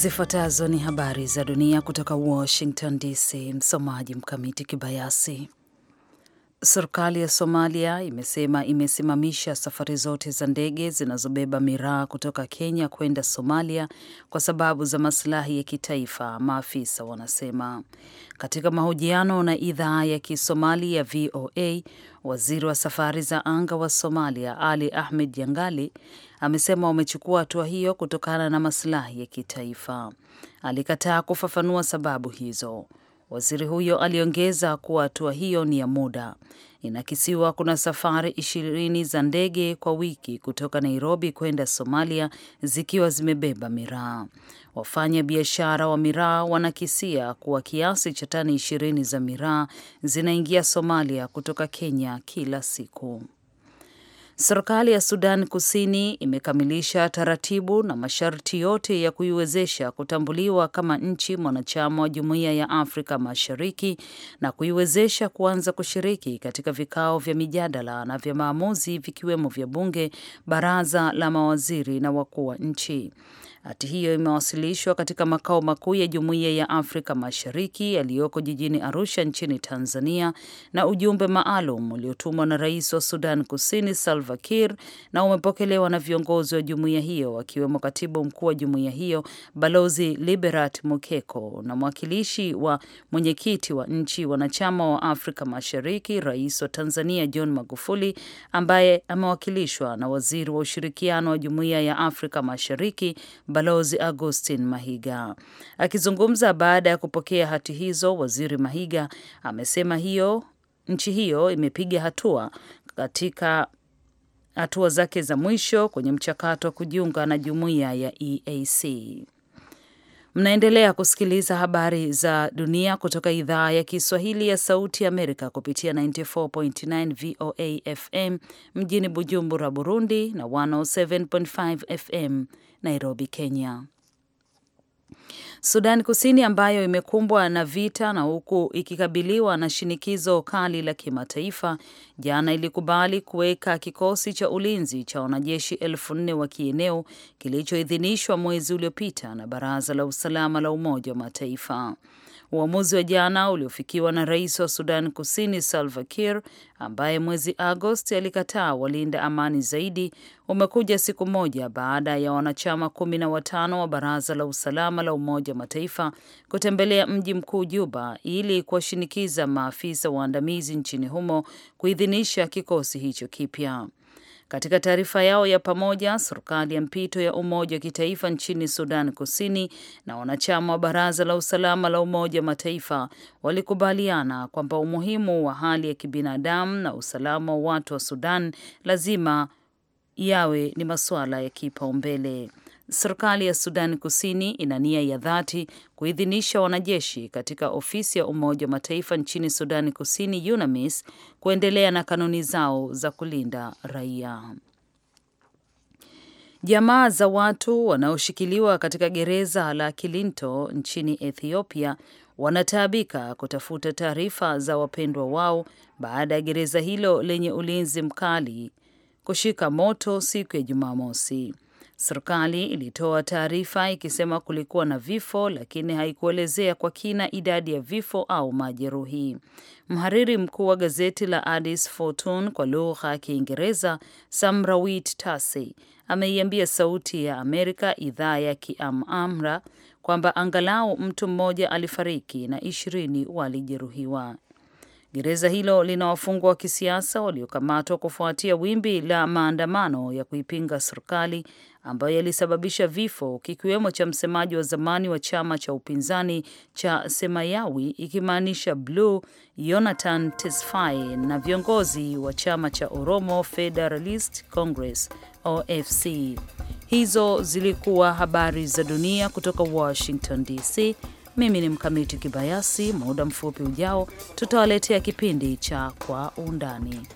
Zifuatazo ni habari za dunia kutoka Washington DC. Msomaji Mkamiti Kibayasi. Serikali ya Somalia imesema imesimamisha safari zote za ndege zinazobeba miraa kutoka Kenya kwenda Somalia kwa sababu za masilahi ya kitaifa, maafisa wanasema. Katika mahojiano na idhaa ya Kisomali ya VOA, waziri wa safari za anga wa Somalia Ali Ahmed yangali amesema wamechukua hatua hiyo kutokana na masilahi ya kitaifa. Alikataa kufafanua sababu hizo. Waziri huyo aliongeza kuwa hatua hiyo ni ya muda. Inakisiwa kuna safari ishirini za ndege kwa wiki kutoka Nairobi kwenda Somalia zikiwa zimebeba miraa. Wafanya biashara wa miraa wanakisia kuwa kiasi cha tani ishirini za miraa zinaingia Somalia kutoka Kenya kila siku. Serikali ya Sudan Kusini imekamilisha taratibu na masharti yote ya kuiwezesha kutambuliwa kama nchi mwanachama wa Jumuiya ya Afrika Mashariki na kuiwezesha kuanza kushiriki katika vikao vya mijadala na vya maamuzi vikiwemo vya bunge, baraza la mawaziri na wakuu wa nchi. Hati hiyo imewasilishwa katika makao makuu ya Jumuiya ya Afrika Mashariki yaliyoko jijini Arusha nchini Tanzania na ujumbe maalum uliotumwa na Rais wa Sudan Kusini Salva Kiir na umepokelewa na viongozi wa jumuiya hiyo wakiwemo Katibu Mkuu wa jumuiya hiyo Balozi Liberat Mukeko na mwakilishi wa mwenyekiti wa nchi wanachama wa Afrika Mashariki, Rais wa Tanzania John Magufuli ambaye amewakilishwa na Waziri wa Ushirikiano wa Jumuiya ya Afrika Mashariki Balozi Augustin Mahiga. Akizungumza baada ya kupokea hati hizo, Waziri Mahiga amesema hiyo nchi hiyo imepiga hatua katika hatua zake za mwisho kwenye mchakato wa kujiunga na jumuiya ya EAC. Mnaendelea kusikiliza habari za dunia kutoka idhaa ya Kiswahili ya Sauti Amerika kupitia 94.9 VOA FM mjini Bujumbura, Burundi na 107.5 FM Nairobi, Kenya. Sudan Kusini ambayo imekumbwa na vita na huku ikikabiliwa na shinikizo kali la kimataifa, jana ilikubali kuweka kikosi cha ulinzi cha wanajeshi elfu nne wa kieneo kilichoidhinishwa mwezi uliopita na Baraza la Usalama la Umoja wa Mataifa. Uamuzi wa jana uliofikiwa na rais wa Sudan Kusini Salva Kiir, ambaye mwezi Agosti alikataa walinda amani zaidi, umekuja siku moja baada ya wanachama kumi na watano wa Baraza la Usalama la Umoja wa Mataifa kutembelea mji mkuu Juba ili kuwashinikiza maafisa waandamizi nchini humo kuidhinisha kikosi hicho kipya. Katika taarifa yao ya pamoja, serikali ya mpito ya umoja wa kitaifa nchini Sudan Kusini na wanachama wa Baraza la Usalama la Umoja wa Mataifa walikubaliana kwamba umuhimu wa hali ya kibinadamu na usalama wa watu wa Sudan lazima yawe ni masuala ya kipaumbele. Serikali ya Sudan Kusini ina nia ya dhati kuidhinisha wanajeshi katika ofisi ya Umoja wa Mataifa nchini Sudan Kusini, UNAMIS, kuendelea na kanuni zao za kulinda raia. Jamaa za watu wanaoshikiliwa katika gereza la Kilinto nchini Ethiopia wanataabika kutafuta taarifa za wapendwa wao baada ya gereza hilo lenye ulinzi mkali kushika moto siku ya Jumamosi. Serikali ilitoa taarifa ikisema kulikuwa na vifo, lakini haikuelezea kwa kina idadi ya vifo au majeruhi. Mhariri mkuu wa gazeti la Addis Fortune kwa lugha ya Kiingereza, Samrawit Tase, ameiambia Sauti ya Amerika idhaa ya Kiamamra kwamba angalau mtu mmoja alifariki na ishirini walijeruhiwa. Gereza hilo lina wafungwa wa kisiasa waliokamatwa kufuatia wimbi la maandamano ya kuipinga serikali ambayo yalisababisha vifo kikiwemo cha msemaji wa zamani wa chama cha upinzani cha Semayawi ikimaanisha bluu, Yonathan Tesfaye na viongozi wa chama cha Oromo Federalist Congress OFC. Hizo zilikuwa habari za dunia kutoka Washington DC. Mimi ni Mkamiti Kibayasi. Muda mfupi ujao tutawaletea kipindi cha Kwa Undani.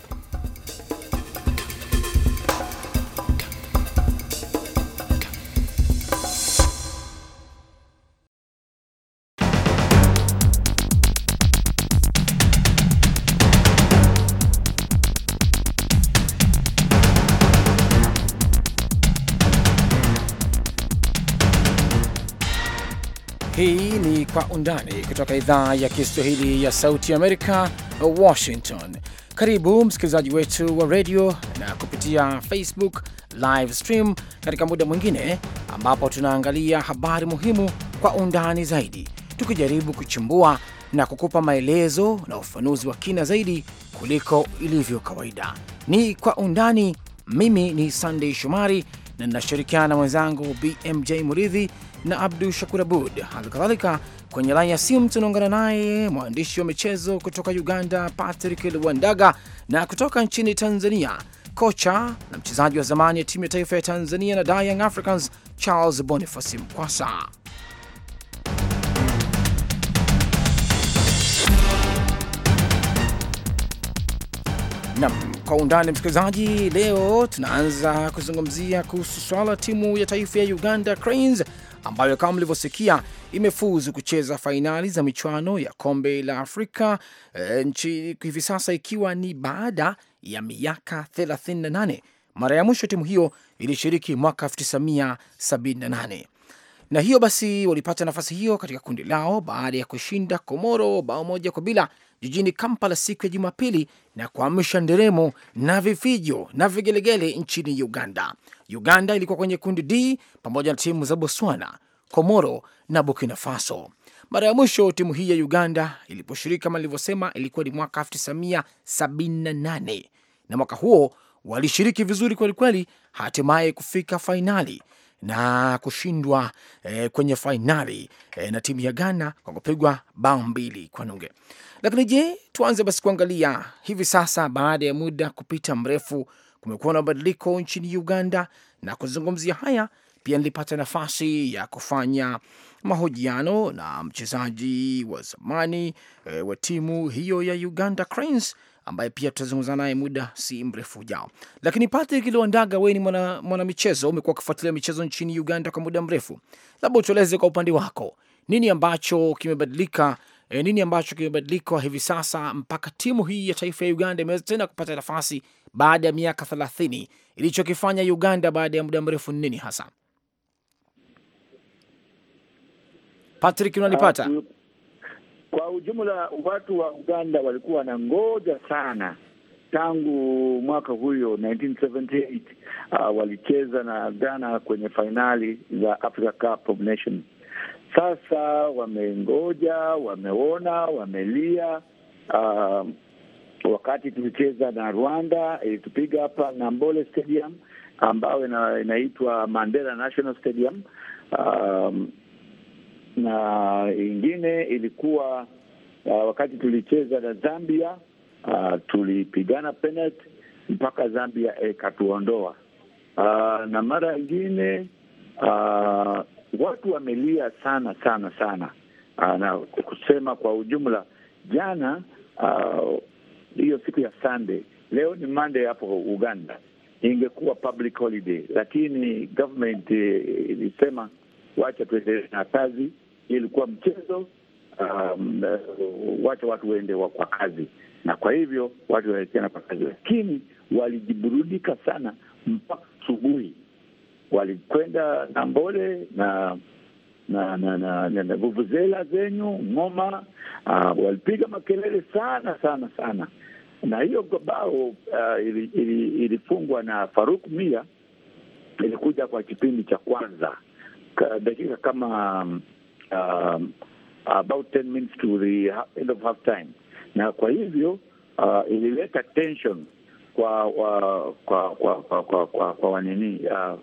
Kwa Undani kutoka idhaa ya Kiswahili ya Sauti Amerika, Washington. Karibu msikilizaji wetu wa redio na kupitia Facebook live stream katika muda mwingine ambapo tunaangalia habari muhimu kwa undani zaidi, tukijaribu kuchimbua na kukupa maelezo na ufanuzi wa kina zaidi kuliko ilivyo kawaida. Ni Kwa Undani. Mimi ni Sandei Shomari na ninashirikiana na mwenzangu BMJ Muridhi na Abdu Shakur Abud. Hali kadhalika kwenye laini ya simu tunaungana naye mwandishi wa michezo kutoka Uganda, Patrick Lwandaga, na kutoka nchini Tanzania, kocha na mchezaji wa zamani ya timu ya taifa ya Tanzania na Dying Africans, Charles Boniface Mkwasa. Nam, kwa undani msikilizaji, leo tunaanza kuzungumzia kuhusu swala timu ya taifa ya Uganda Cranes ambayo kama mlivyosikia imefuzu kucheza fainali za michuano ya kombe la Afrika e, nchi hivi sasa, ikiwa ni baada ya miaka 38. Mara ya mwisho timu hiyo ilishiriki mwaka 1978 na hiyo basi, walipata nafasi hiyo katika kundi lao baada ya kushinda Komoro bao moja kwa bila jijini Kampala siku ya Jumapili na kuamsha nderemo na vifijo na vigelegele nchini Uganda. Uganda ilikuwa kwenye kundi D pamoja na timu za Botswana, Komoro na Burkina Faso. Mara ya mwisho timu hii ya Uganda iliposhiriki kama nilivyosema, ilikuwa ni mwaka 1978 na mwaka huo walishiriki vizuri kwelikweli, hatimaye kufika fainali na kushindwa e, kwenye fainali e, na timu ya Ghana kwa kupigwa bao mbili kwa nunge. Lakini je, tuanze basi kuangalia hivi sasa, baada ya muda kupita mrefu kumekuwa na mabadiliko nchini Uganda, na kuzungumzia haya pia nilipata nafasi ya kufanya mahojiano na mchezaji wa zamani e, wa timu hiyo ya Uganda Cranes ambaye pia tutazungumza naye muda si mrefu ujao. Lakini Patrick Luandaga, wewe ni mwanamichezo, mwana umekuwa ukifuatilia michezo nchini Uganda kwa muda mrefu, labda utueleze kwa upande wako nini ambacho kimebadilika E, nini ambacho kimebadilika hivi sasa mpaka timu hii ya taifa ya Uganda imeweza tena kupata nafasi baada ya miaka thelathini? Ilichokifanya Uganda baada ya muda mrefu nini hasa? Patrick, unanipata? Ah, mm, kwa ujumla watu wa Uganda walikuwa na ngoja sana tangu mwaka huyo 1978, uh, ah, walicheza na Ghana kwenye fainali za Africa Cup of Nations sasa wamengoja, wameona, wamelia. Uh, wakati tulicheza na Rwanda ilitupiga hapa na Mbole Stadium ambayo ina, inaitwa Mandela National Stadium. Um, na ingine ilikuwa uh, wakati tulicheza na Zambia uh, tulipigana penalty mpaka Zambia ikatuondoa. Eh, uh, na mara ingine uh, watu wamelia sana sana sana. Ah, na kusema kwa ujumla jana ah, hiyo uh, siku ya Sunday, leo ni Monday hapo Uganda ingekuwa public holiday, lakini government eh, ilisema wacha tuendelee na kazi. Ilikuwa mchezo um, eh, wacha watu waende wa kwa kazi, na kwa hivyo watu waelekea kwa kazi, lakini walijiburudika sana mpaka asubuhi walikwenda na mbole na na na na, na na vuvuzela zenyu ngoma, uh, walipiga makelele sana sana sana, na hiyo gobao uh, ah, ilifungwa ili, ili na Faruk Mia, ilikuja kwa kipindi cha kwanza ka, dakika kama um, about 10 minutes to the end of half time, na kwa hivyo uh, ilileta tension kwa kwa kwa kwa, kwa, kwa, kwa, kwa wanini uh,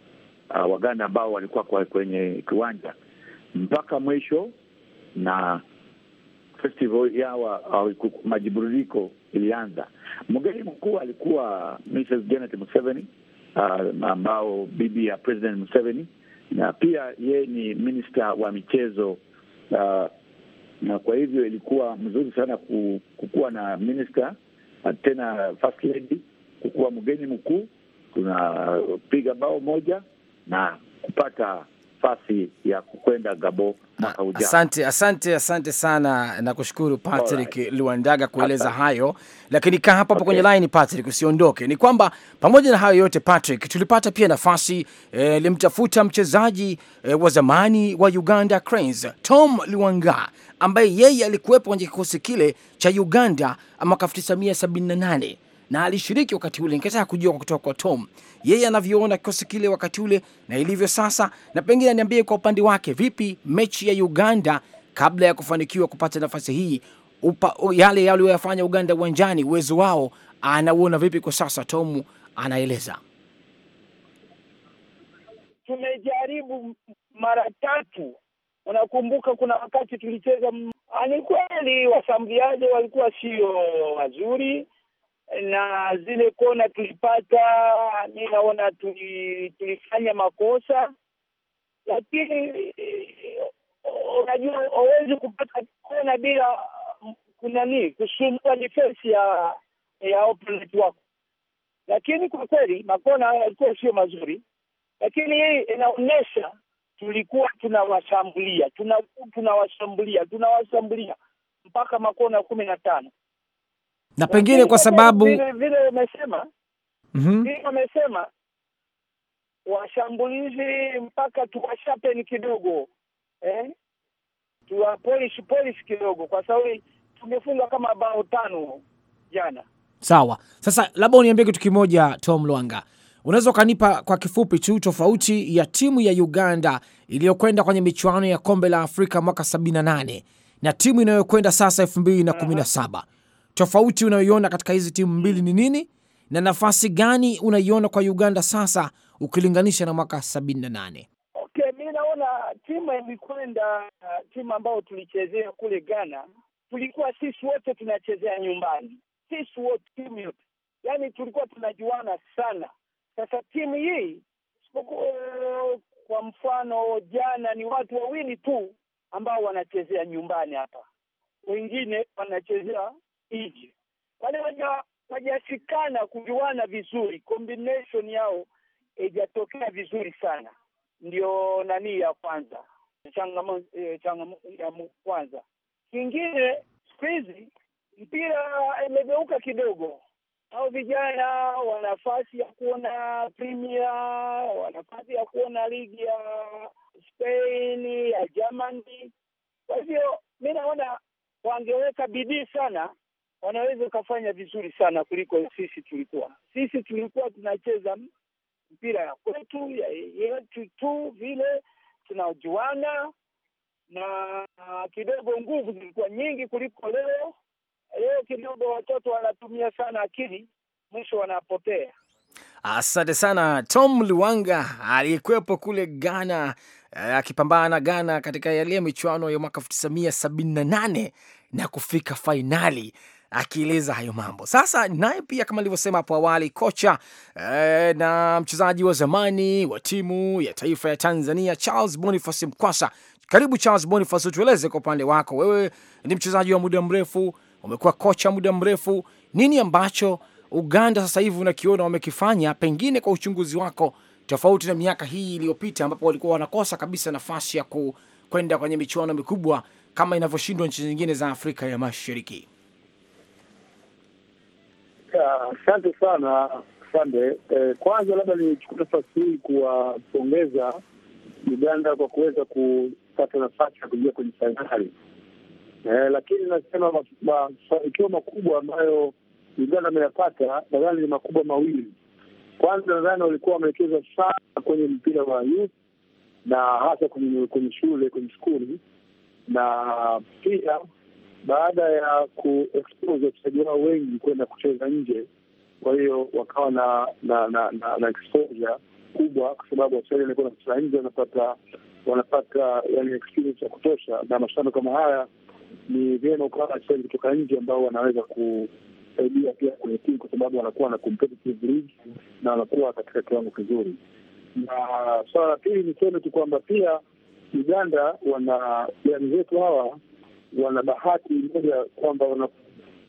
uh, Waganda ambao walikuwa kwa kwenye kiwanja mpaka mwisho, na festival yawa majiburudiko ilianza. Mgeni mkuu alikuwa Mrs. Janet Museveni, uh, ambao bibi ya President Museveni, na pia yeye ni minista wa michezo uh, na kwa hivyo ilikuwa mzuri sana kukuwa na minista uh, tena first lady kukuwa mgeni mkuu. Tunapiga bao moja na kupata nafasi ya kukwenda Gabo mwaka ujao. Asante, asante, asante sana na kushukuru Patrick right, Luandaga kueleza asante hayo, lakini kaa hapo hapo okay, kwenye line Patrick, usiondoke. Ni kwamba pamoja na hayo yote Patrick, tulipata pia nafasi eh, limtafuta mchezaji eh, wa zamani wa Uganda Cranes Tom Luanga ambaye yeye alikuwepo kwenye kikosi kile cha Uganda mwaka 1978 na alishiriki wakati ule, nikataka kujua kwa kutoka kwa Tom yeye anavyoona kikosi kile wakati ule na ilivyo sasa, na pengine aniambie kwa upande wake, vipi mechi ya Uganda kabla ya kufanikiwa kupata nafasi hii upa, yale yaliyoyafanya Uganda uwanjani, uwezo wao anauona vipi kwa sasa? Tom anaeleza, tumejaribu mara tatu. Unakumbuka kuna wakati tulicheza, ni kweli washambuliaji walikuwa sio wazuri na zile kona tulipata, mi naona tuli, tulifanya makosa, lakini unajua huwezi kupata kona bila kuna nini kusumbua defense ya ya opponent wako. Lakini kwa kweli makona hayo yalikuwa sio mazuri, lakini hii inaonyesha tulikuwa tunawashambulia tunawashambulia tunawashambulia mpaka makona kumi na tano na pengine kwa sababu vile wamesema vile wamesema mhm. washambulizi mpaka tuwashapeni kidogo eh? tuwa polish polish kidogo, kwa sababu tumefunga kama bao tano jana. Sawa, sasa labda uniambie kitu kimoja Tom Lwanga, unaweza ukanipa kwa kifupi tu tofauti ya timu ya Uganda iliyokwenda kwenye michuano ya kombe la Afrika mwaka 78 na nane na timu inayokwenda sasa elfu mbili na kumi na saba tofauti unayoiona katika hizi timu mbili ni nini, na nafasi gani unaiona kwa Uganda sasa ukilinganisha na mwaka sabini na nane? Okay, mi naona timu ilikwenda uh, timu ambayo tulichezea kule Ghana, tulikuwa sisi wote tunachezea nyumbani, sisi wote, timu yote, yaani tulikuwa tunajuana sana. Sasa timu hii uh, kwa mfano jana ni watu wawili tu ambao wanachezea nyumbani hapa, wengine wanachezea hivi, wale wajasikana kujuana vizuri, combination yao haijatokea vizuri sana. Ndio nani ya kwanza changamo, eh, changamo ya kwanza. Kingine siku hizi mpira imegeuka kidogo au vijana wana nafasi ya kuona Premier, wana nafasi ya kuona ligi ya Spain, ya Germany. Kwa hivyo mi naona wangeweka bidii sana wanaweza wakafanya vizuri sana kuliko sisi tulikuwa. Sisi tulikuwa tunacheza mpira ya kwetu ya yetu tu, vile tunajuana na kidogo, nguvu zilikuwa nyingi kuliko leo. Leo kidogo watoto wanatumia sana akili, mwisho wanapotea. Asante sana Tom Luwanga aliyekuwepo kule Ghana eh, akipambana na Ghana katika yale michuano ya mwaka nane na kufika fainali akieleza hayo mambo. Sasa naye pia kama alivyosema hapo awali kocha eh, na mchezaji wa zamani wa timu ya taifa ya Tanzania Charles Boniface Mkwasa. Karibu Charles Boniface, tueleze kwa upande wako, wewe ni mchezaji wa muda mrefu, umekuwa kocha muda mrefu, nini ambacho Uganda sasa hivi unakiona wamekifanya, pengine kwa uchunguzi wako, tofauti na miaka hii iliyopita ambapo walikuwa wanakosa kabisa nafasi ya kwenda kwenye michuano mikubwa kama inavyoshindwa nchi nyingine za Afrika ya Mashariki? Asante sana Sande. Eh, kwanza labda nichukue nafasi hii kuwapongeza Uganda kwa kuweza kupata nafasi ya kuingia kwenye fainali eh, lakini nasema mafanikio makubwa ambayo Uganda ameyapata nadhani ni makubwa mawili. Kwanza nadhani walikuwa wamewekeza sana kwenye mpira wa youth na hasa kwenye kwenye shule kwenye skuli, na pia baada ya kuexpose wachezaji wao wengi kwenda kucheza nje, kwa hiyo wakawa na na na, na, na exposure kubwa, kwa sababu wachezaji walikuwa kucheza nje, wanapata wanapata yani experience ya kutosha, na mashindano kama haya ni vyema ukawa na wachezaji kutoka nje ambao wanaweza kusaidia pia kwenye timu, kwa sababu wanakuwa na competitive league na wanakuwa katika kiwango kizuri. Na swala la pili niseme tu kwamba pia Uganda wana jirani zetu hawa wana bahati moja kwamba wana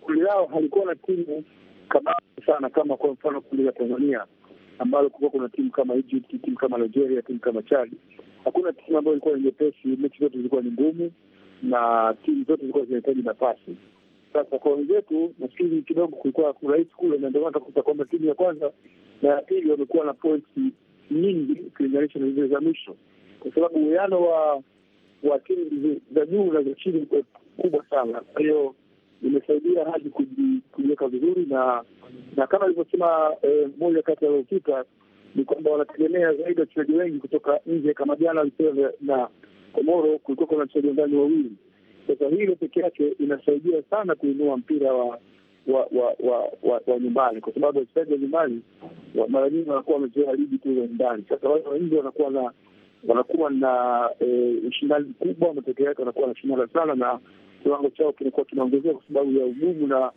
kundi lao halikuwa na timu kama sana kama kwa mfano kundi la Tanzania ambalo kulikuwa kuna timu kama Egypt, timu kama Nigeria, timu kama Chad. Hakuna timu ambayo ilikuwa ni nyepesi, mechi zote zilikuwa ni ngumu na timu zote zilikuwa zinahitaji nafasi. Sasa kwa wenzetu, nafikiri kidogo kulikuwa rahisi kule, na ndio maana utakuta kwamba timu ya kwanza na ya pili wamekuwa na pointi nyingi ukilinganisha na zile za mwisho, kwa sababu uwiano wa wa timu za juu na za chini kubwa sana. Kwa hiyo imesaidia hadi kujiweka vizuri, na na kama alivyosema mmoja eh, kati ya waliopita ni kwamba wanategemea zaidi wachezaji wengi kutoka nje. Kama jana alicheza na Komoro, kulikuwa na wachezaji ndani wawili. Sasa hilo peke yake inasaidia sana kuinua mpira wa wa wa wa, wa, wa nyumbani, kwa sababu wachezaji wa nyumbani mara nyingi wanakuwa wamezoea ligi tu za nyumbani. Sasa wale wa nje wanakuwa na wanakuwa na eh, ushindani mkubwa na peke yake wanakuwa wanashindana sana, na kiwango chao kinakuwa kinaongezea kwa sababu ya ugumu na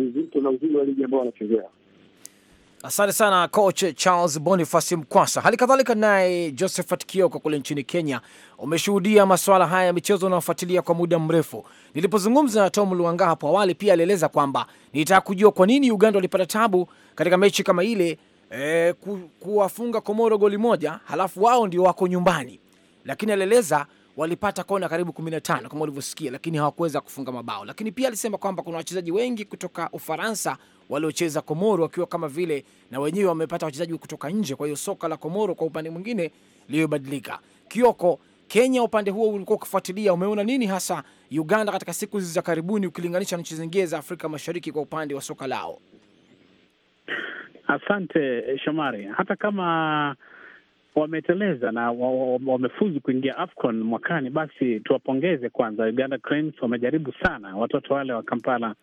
uzito na uzuri wa ligi ambao wanachezea. Asante sana coach Charles Boniface Mkwasa. Hali kadhalika naye Josephat Kioko kule nchini Kenya, umeshuhudia masuala haya ya michezo unaofuatilia kwa muda mrefu. Nilipozungumza na Tom Luanga hapo awali, pia alieleza kwamba nitaka kujua kwa nini Uganda walipata tabu katika mechi kama ile e, ku, kuwafunga Komoro goli moja, halafu wao ndio wako nyumbani, lakini alieleza walipata kona karibu 15 kama ulivyosikia, lakini hawakuweza kufunga mabao. Lakini pia alisema kwamba kuna wachezaji wengi kutoka Ufaransa waliocheza Komoro wakiwa kama vile na wenyewe wamepata wachezaji kutoka nje, kwa hiyo soka la Komoro kwa upande mwingine liyobadilika. Kioko, Kenya, upande huo ulikuwa ukifuatilia, umeona nini hasa Uganda katika siku za karibuni ukilinganisha na nchi zingine za Afrika Mashariki kwa upande wa soka lao? Asante Shomari. Hata kama wameteleza na wamefuzu kuingia AFCON mwakani, basi tuwapongeze kwanza. Uganda Cranes wamejaribu sana, watoto wale wa Kampala,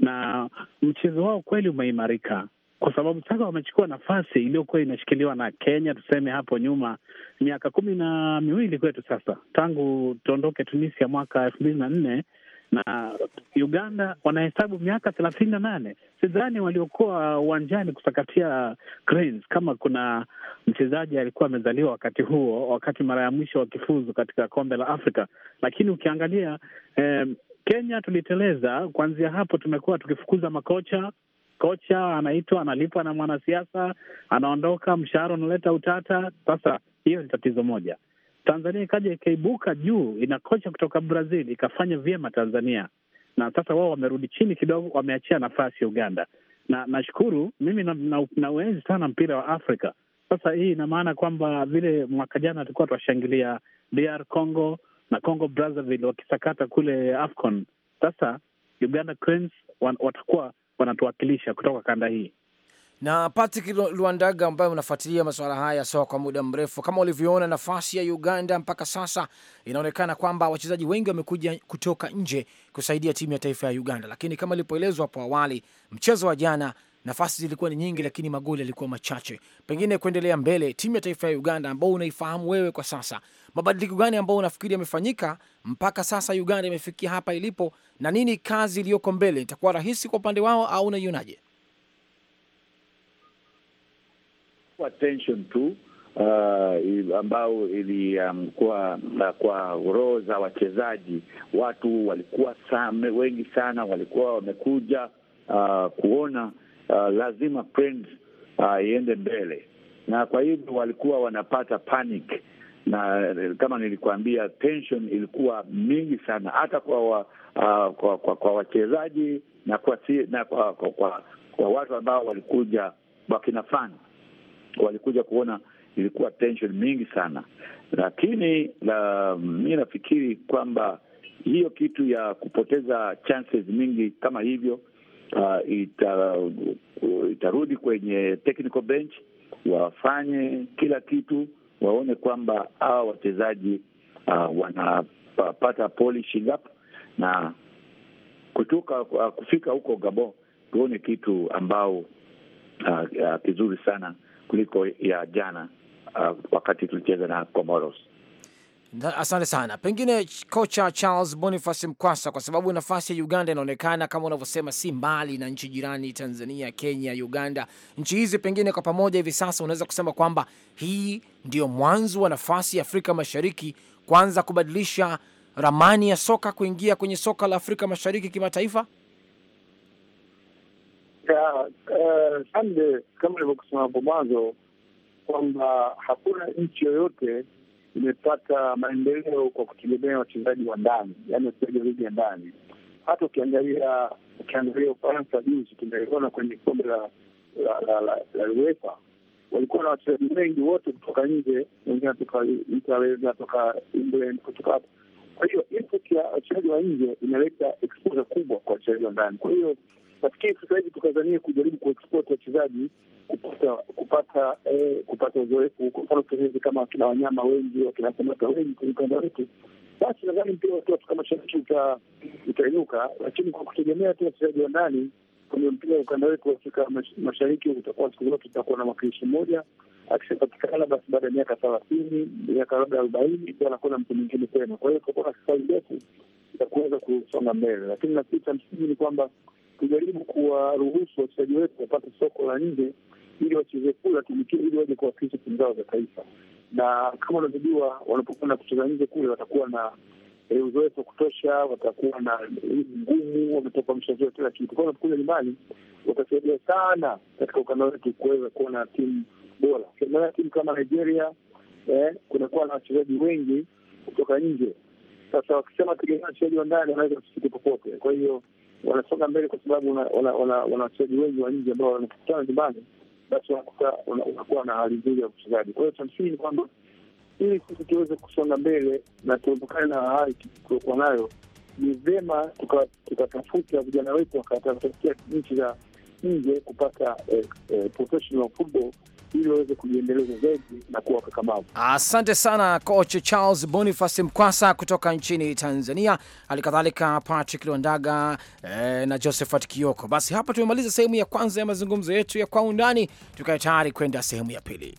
na mchezo wao kweli umeimarika kwa sababu sasa wamechukua nafasi iliyokuwa inashikiliwa na Kenya, tuseme hapo nyuma, miaka kumi na miwili kwetu sasa, tangu tuondoke Tunisia mwaka elfu mbili na nne na Uganda wanahesabu miaka thelathini na nane. Sidhani waliokuwa uwanjani kusakatia Cranes kama kuna mchezaji alikuwa amezaliwa wakati huo, wakati mara ya mwisho wakifuzu katika kombe la Afrika. Lakini ukiangalia eh, Kenya tuliteleza. Kuanzia hapo tumekuwa tukifukuza makocha kocha anaitwa analipwa na mwanasiasa, anaondoka, mshahara unaleta utata. Sasa hiyo ni tatizo moja, Tanzania ikaja ikaibuka juu, inakocha kutoka Brazil ikafanya vyema Tanzania, na sasa wao wamerudi chini kidogo, wameachia nafasi Uganda. Na nashukuru mimi na, na, na sana mpira wa Afrika. Sasa hii ina maana kwamba vile mwaka jana tulikuwa tuwashangilia DR Congo na Congo Brazzaville wakisakata kule AFCON, sasa Uganda Cranes watakuwa wanatuwakilisha kutoka kanda hii. Na Patrick Luandaga, ambaye unafuatilia masuala haya ya soka kwa muda mrefu, kama ulivyoona nafasi ya Uganda mpaka sasa, inaonekana kwamba wachezaji wengi wamekuja kutoka nje kusaidia timu ya taifa ya Uganda, lakini kama ilipoelezwa hapo awali, mchezo wa jana nafasi zilikuwa ni nyingi, lakini magoli yalikuwa machache. Pengine kuendelea mbele, timu ya taifa ya Uganda ambao unaifahamu wewe kwa sasa, mabadiliko gani ambao unafikiri yamefanyika mpaka sasa Uganda imefikia hapa ilipo, na nini kazi iliyoko mbele? Itakuwa rahisi kwa upande wao au unaionaje? haikuwa tension tu uh, ambao ilikuwa um, uh, kwa roho za wachezaji. Watu walikuwa same, wengi sana walikuwa wamekuja uh, kuona uh, lazima Friends uh, iende uh, mbele, na kwa hivyo walikuwa wanapata panic na eh, kama nilikuambia, tension ilikuwa mingi sana hata kwa wa, uh, kwa, kwa, kwa wachezaji na kwa, na kwa, kwa, kwa, kwa watu ambao walikuja wakina fans walikuja kuona ilikuwa tension mingi sana, lakini la, mi nafikiri kwamba hiyo kitu ya kupoteza chances mingi kama hivyo uh, ita, uh, itarudi kwenye technical bench, wafanye kila kitu waone kwamba hawa wachezaji uh, wanapata polishing up na kutoka uh, kufika huko Gabon tuone kitu ambao uh, uh, kizuri sana kuliko ya jana uh, wakati tulicheza na Comoros. Asante sana. Pengine kocha Charles Boniface Mkwasa, kwa sababu nafasi ya Uganda inaonekana kama unavyosema, si mbali na nchi jirani Tanzania, Kenya, Uganda, nchi hizi pengine kwa pamoja hivi sasa unaweza kusema kwamba hii ndiyo mwanzo wa nafasi ya Afrika Mashariki kwanza kubadilisha ramani ya soka kuingia kwenye soka la Afrika Mashariki kimataifa. Eh, Sande, uh, kama ilivyokusema hapo mwanzo kwamba hakuna nchi yoyote imepata maendeleo kwa kutegemea wachezaji wa ndani, yaani wachezaji wa ligi ya ndani. Hata ukiangalia ukiangalia Ufaransa juzi tunaona kwenye kombe la la UEFA, walikuwa na wachezaji wengi wote kutoka nje, wengine toka Italia, toka England, kutoka hapo. Kwa hiyo input ya wachezaji wa nje inaleta exposure kubwa kwa wachezaji wa ndani, kwa hiyo nafikiri sasa hivi tukazania kujaribu kuexport wachezaji kupata kupata eh, kupata uzoefu. Kwa mfano tuchezezi kama wakina wanyama wengi wakina samaka wengi kwenye ukanda wetu, basi nadhani mpira wa kikapu kama shabiki utainuka, lakini kwa kutegemea tu wachezaji wa ndani kwenye mpira wa ukanda wetu wa Afrika Mashariki, utakuwa siku zote utakuwa na mwakilishi mmoja akishapatikana basi, baada ya miaka thelathini miaka labda arobaini anakuwa na mtu mwingine tena. Kwa hiyo tutakuwa na safari ndefu ya kuweza kusonga mbele, lakini nafikiri cha msingi ni kwamba kujaribu kuwaruhusu wachezaji wetu wapate soko la nje ili wacheze kule, watumikie ili waje kuwakilisha timu zao za taifa, na kama unavyojua, wanapokwenda kucheza nje kule watakuwa na e, uzoefu wa kutosha, watakuwa na ngumu, wametoka mshazia kila kitu kwao. Wanapokuja nyumbani watasaidia sana katika ukanda wetu kuweza kuwa na timu bora. Ukiangalia timu kama Nigeria eh, kunakuwa na wachezaji wengi kutoka nje. Sasa wakisema tegemea wachezaji wa ndani, wanaweza kusiki popote, kwa hiyo wanasonga mbele kwa sababu wana wachezaji wengi wa nje ambao wanakutana nyumbani, basi wanakuwa na hali nzuri ya uchezaji. Kwa hiyo cha msingi ni kwamba ili sisi tuweze kusonga mbele na tuepukane na hali tuliokuwa nayo, ni vyema tukatafuta vijana wetu wakatafutia nchi za nje kupata eh, eh, professional football ili waweze kujiendeleza zaidi na kuwa kakamavu. Asante sana Coach Charles Boniface Mkwasa kutoka nchini Tanzania, hali kadhalika Patrick Lwandaga eh, na Josephat Kioko. Basi hapa tumemaliza sehemu ya kwanza ya mazungumzo yetu ya kwa undani, tukae tayari kwenda sehemu ya pili.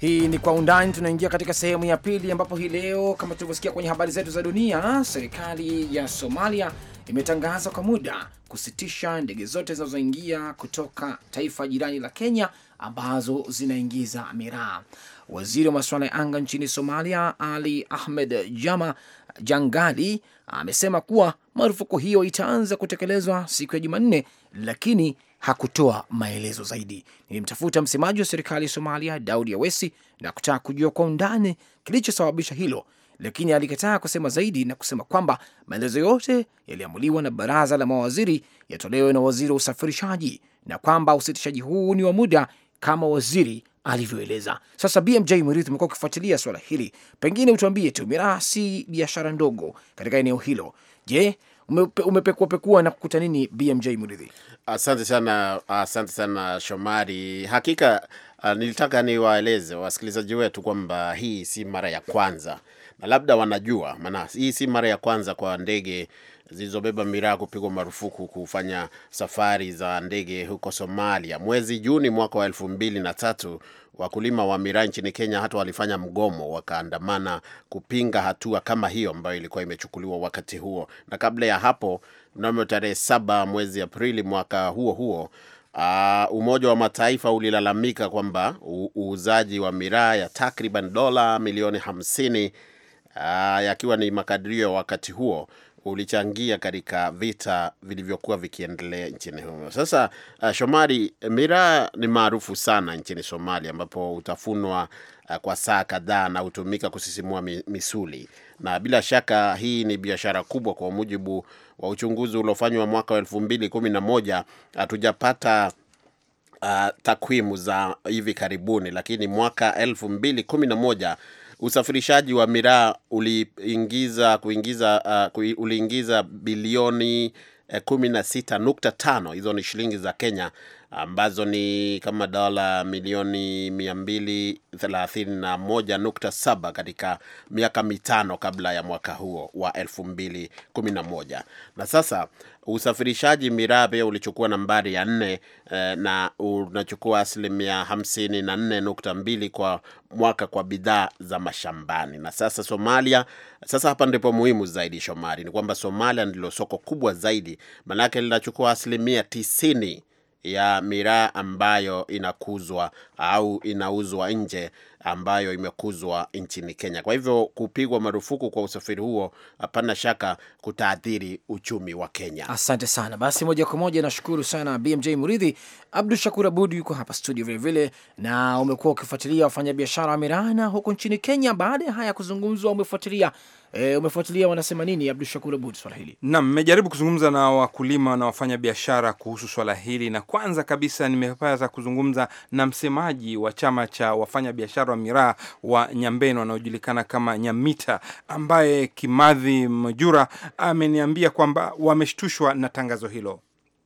Hii ni Kwa Undani. Tunaingia katika sehemu ya pili, ambapo hii leo kama tulivyosikia kwenye habari zetu za dunia, serikali ya Somalia imetangaza kwa muda kusitisha ndege zote zinazoingia kutoka taifa jirani la Kenya ambazo zinaingiza miraa. Waziri wa masuala ya anga nchini Somalia, Ali Ahmed Jama Jangali, amesema kuwa marufuku hiyo itaanza kutekelezwa siku ya Jumanne, lakini hakutoa maelezo zaidi. Nilimtafuta msemaji wa serikali ya Somalia, Daudi Awesi, na kutaka kujua kwa undani kilichosababisha hilo, lakini alikataa kusema zaidi na kusema kwamba maelezo yote yaliamuliwa na baraza la mawaziri yatolewe na waziri wa usafirishaji na kwamba usitishaji huu ni wa muda kama waziri alivyoeleza. Sasa BMJ Mrithi, umekuwa ukifuatilia swala hili, pengine utuambie tu, miraa si biashara ndogo katika eneo hilo. Je, umepekuapekua na kukuta nini, BMJ Muridhi? Asante sana, asante sana Shomari. Hakika uh, nilitaka niwaeleze wasikilizaji wetu kwamba hii si mara ya kwanza, na labda wanajua, maana hii si mara ya kwanza kwa ndege zilizobeba miraa kupigwa marufuku kufanya safari za ndege huko Somalia. Mwezi Juni mwaka wa elfu mbili na tatu Wakulima wa miraa nchini Kenya hata walifanya mgomo, wakaandamana kupinga hatua kama hiyo ambayo ilikuwa imechukuliwa wakati huo. Na kabla ya hapo, mnamo tarehe saba mwezi Aprili mwaka huo huo Uh, Umoja wa Mataifa ulilalamika kwamba uuzaji wa miraa ya takriban dola milioni hamsini uh, yakiwa ni makadirio ya wakati huo ulichangia katika vita vilivyokuwa vikiendelea nchini humo. Sasa uh, Shomari, miraa ni maarufu sana nchini Somalia, ambapo utafunwa uh, kwa saa kadhaa na hutumika kusisimua misuli, na bila shaka hii ni biashara kubwa. Kwa mujibu wa uchunguzi uliofanywa mwaka wa elfu mbili kumi na moja, hatujapata uh, takwimu za hivi karibuni, lakini mwaka elfu mbili kumi na moja usafirishaji wa miraa uliingiza kuingiza uh, uliingiza bilioni 16.5 eh, hizo ni shilingi za Kenya ambazo ni kama dola milioni 231.7 katika miaka mitano kabla ya mwaka huo wa 2011. Na sasa usafirishaji miraa pia ulichukua nambari ya nne eh, na unachukua asilimia 54.2 kwa mwaka kwa bidhaa za mashambani. Na sasa Somalia, sasa hapa ndipo muhimu zaidi Shomari, ni kwamba Somalia ndilo soko kubwa zaidi, manake linachukua asilimia tisini ya miraa ambayo inakuzwa au inauzwa nje ambayo imekuzwa nchini Kenya. Kwa hivyo kupigwa marufuku kwa usafiri huo, hapana shaka kutaathiri uchumi wa Kenya. Asante sana. Basi moja kwa moja nashukuru sana BMJ Muridhi. Abdu Shakur Abud yuko hapa studio vilevile, na umekuwa ukifuatilia wafanyabiashara wa miraa huko nchini Kenya. Baada ya haya kuzungumzwa, umefuatilia E, umefuatilia wanasema nini, Abdu Shakur Abud, swala hili? Naam, nimejaribu kuzungumza na wakulima na wafanya biashara kuhusu swala hili, na kwanza kabisa nimepata kuzungumza na msemaji wa chama cha wafanya biashara wa miraa wa Nyambeno wanaojulikana kama Nyamita, ambaye Kimadhi Mjura ameniambia kwamba wameshtushwa na tangazo hilo.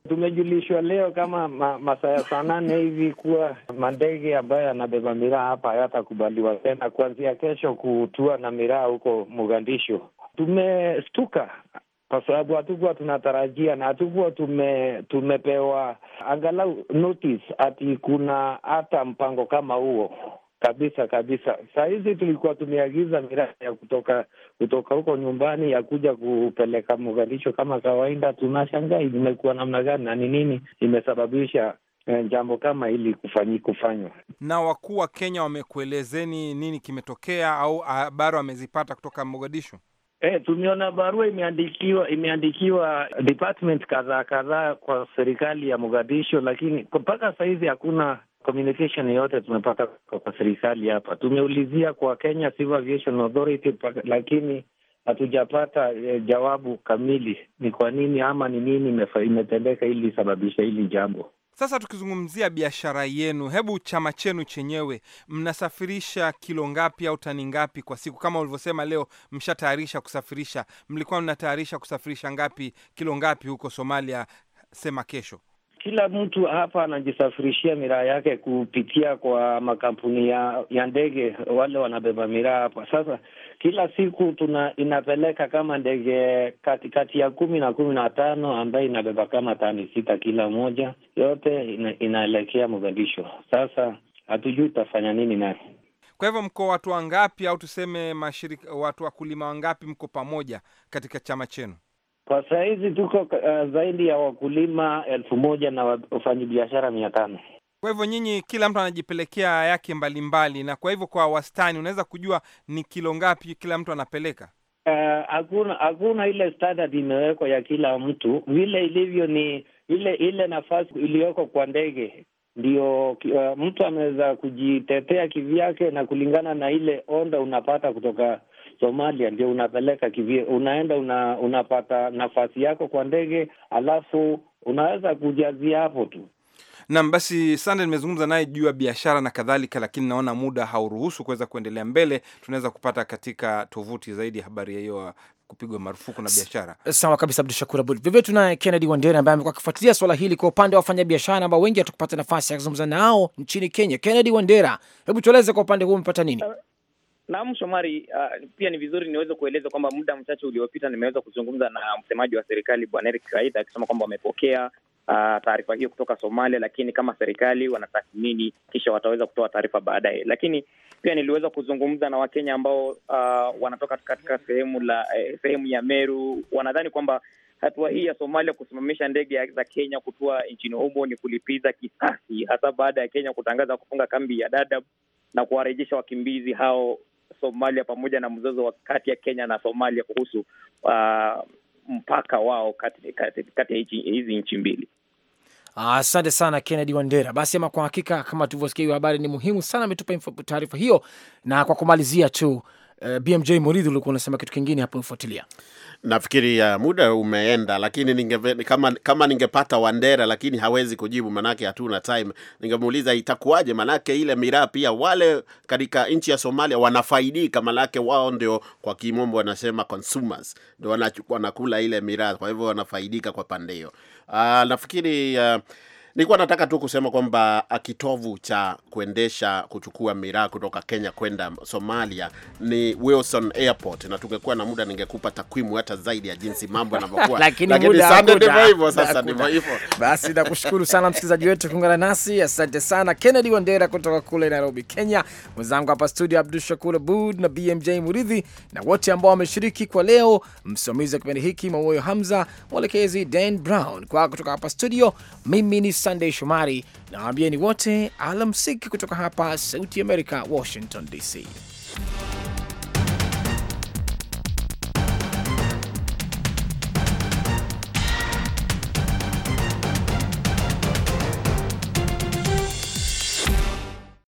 Tumejulishwa leo kama ma, masaa ya saa nane hivi kuwa mandege ambayo yanabeba miraa hapa hayatakubaliwa tena kuanzia kesho kutua na miraa huko Mogadishu. Tumeshtuka kwa sababu hatukuwa tunatarajia na hatukuwa tume, tumepewa angalau notice ati kuna hata mpango kama huo kabisa kabisa. Saa hizi tulikuwa tumeagiza miraa ya kutoka kutoka huko nyumbani ya kuja kupeleka Mogadisho kama kawaida. Tunashangaa imekuwa namna gani na ni nini imesababisha eh, jambo kama hili kufanyi kufanywa. Na wakuu wa Kenya wamekuelezeni nini kimetokea, au ah, habari wamezipata kutoka Mogadishu? E, tumeona barua imeandikiwa imeandikiwa department kadhaa kadhaa kwa serikali ya Mogadisho, lakini mpaka saa hizi hakuna communication yote tumepata kwa serikali hapa. Tumeulizia kwa Kenya Civil Aviation Authority, lakini hatujapata eh, jawabu kamili ni kwa nini ama ni nini imetendeka ili sababisha hili jambo. Sasa tukizungumzia biashara yenu, hebu chama chenu chenyewe, mnasafirisha kilo ngapi au tani ngapi kwa siku? Kama ulivyosema leo mshatayarisha kusafirisha, mlikuwa mnatayarisha kusafirisha ngapi, kilo ngapi huko Somalia? Sema kesho kila mtu hapa anajisafirishia miraa yake kupitia kwa makampuni ya, ya ndege wale wanabeba miraa hapa. Sasa kila siku tuna inapeleka kama ndege katikati ya kumi na kumi na tano ambaye inabeba kama tani sita kila moja, yote ina, inaelekea Mogadisho. Sasa hatujui tutafanya nini naye. Kwa hivyo mko watu wangapi, au tuseme mashirika, watu wakulima wangapi mko pamoja katika chama chenu? Kwa saa hizi tuko uh, zaidi ya wakulima elfu moja na wafanyabiashara mia tano. Kwa hivyo nyinyi, kila mtu anajipelekea yake mbalimbali mbali, na kwa hivyo kwa wastani unaweza kujua ni kilo ngapi kila mtu anapeleka? Eh, hakuna uh, hakuna ile standard imewekwa ya kila mtu, vile ilivyo ni ile ile nafasi iliyoko kwa ndege ndio uh, mtu anaweza kujitetea kivyake na kulingana na ile onda unapata kutoka Somalia ndio unapeleka kivie, unaenda una, unapata nafasi yako kwa ndege, alafu unaweza kujazia hapo tu. Nam basi, Sande, nimezungumza naye juu ya biashara na kadhalika, lakini naona muda hauruhusu kuweza kuendelea mbele. Tunaweza kupata katika tovuti zaidi ya habari hiyo uh, kupigwa marufuku na biashara. Sawa kabisa, Abdu Shakur Abud. Vivyo tunaye Kennedy Wandera ambaye amekuwa akifuatilia swala hili kwa upande wa wafanyabiashara ambao wengi hatukupata nafasi ya kuzungumza nao nchini Kenya. Kennedy Wandera, hebu tueleze kwa upande huu umepata nini? Uh, Naam, Shomari, uh, pia ni vizuri niweze kueleza kwamba muda mchache uliopita nimeweza kuzungumza na msemaji wa serikali Bwana Eric Kaida akisema kwamba wamepokea uh, taarifa hiyo kutoka Somalia, lakini kama serikali wanatathmini kisha wataweza kutoa taarifa baadaye. Lakini pia niliweza kuzungumza na Wakenya ambao uh, wanatoka katika sehemu la eh, sehemu ya Meru, wanadhani kwamba hatua hii ya Somalia kusimamisha ndege za Kenya kutua nchini humo ni kulipiza kisasi, hasa baada ya Kenya kutangaza kufunga kambi ya Dadaab na kuwarejesha wakimbizi hao Somalia pamoja na mzozo wa kati ya Kenya na Somalia kuhusu uh, mpaka wao kati, kati, kati ya hizi nchi mbili. Asante ah, sana Kennedy Wandera. Basi ama kwa hakika kama tulivyosikia hiyo habari ni muhimu sana, ametupa taarifa hiyo. Na kwa kumalizia tu eh, BMJ Muridhi, ulikuwa unasema kitu kingine hapo mfuatilia Nafikiri uh, muda umeenda, lakini ninge, kama, kama ningepata Wandera lakini hawezi kujibu, manake hatuna time. Ningemuuliza itakuwaje, manake ile miraa pia wale katika nchi ya Somalia wanafaidika, manake wao ndio kwa kimombo wanasema consumers, ndio wanakula ile miraa, kwa hivyo wanafaidika kwa pande hiyo. Uh, nafikiri uh, Nilikuwa nataka tu kusema kwamba ah, kitovu cha kuendesha kuchukua miraa kutoka Kenya kwenda Somalia ni Wilson Airport, na tungekuwa na muda ningekupa takwimu hata zaidi ya jinsi mambo yanavyokuwa, lakini ndivyo hivyo sasa, ndivyo hivyo basi. Nakushukuru sana msikilizaji wetu kuungana nasi, asante sana Kennedy Wandera kutoka kule Nairobi, Kenya, mwenzangu hapa studio Abdu Shakur Abud na BMJ Muridhi na wote ambao wameshiriki kwa leo, msimamizi wa kipindi hiki Mamoyo Hamza, mwelekezi Dan Brown. Kwa kutoka hapa studio, mimi ni Sunday Shomari na waambieni wote alamsiki kutoka hapa Sauti Amerika, Washington DC.